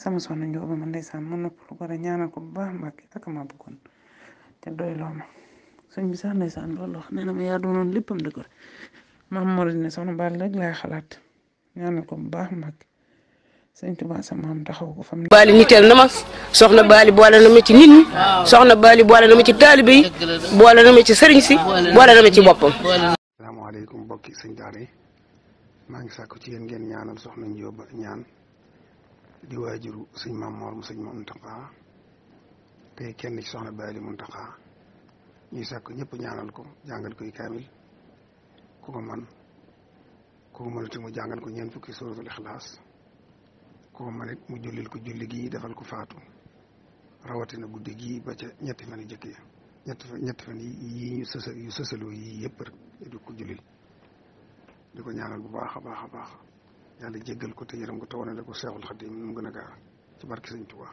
sama soxna Njóoba ma ndeysaan ma noppalu ko rek ñaana ko bu baax Mbàkke ak ma bëggoon te doy loo ma sëñ bi sax ndeysaan loolu wax nee na ma yaa doonoon léppam dëgër maam moo ne soxna Bally rek xalaat ñaanal ko bu baax Mbàkke sëñ Tuubaa sa maam taxaw ko fam Bally niteel na ma soxna baali boole na ma ci nit ñi soxna Bally boole na ma ci taalibe yi boole na ma ci sëriñ si boole na ma ci boppam asalaamaaleykum mbokki sëñ daara yi maa ngi sàkku ci yéen ngeen ñaanal soxna Njóoba ñaan di waajuru sëñ Maam Moor mu sëñ Muntaxa te kenn ci soxna mu Muntaxa ñuy sàkk ñëpp ñaanal ko jàngal koy kaamil ku ko man ku ko mënati mu jàngal ko ñeent fukki suratul ixlaas mu jullil ko julli gii defal ko faatu rawatina guddi gii ba ca ñetti fan yi jëkk ya ñetti fan ñetti fan yii rek di ko jullil di ko ñaanal bu baax a baax a baax yàlla jéggal ko te yërëm ko te wanale ko Seexul Xadiim nu ci barke Sëñ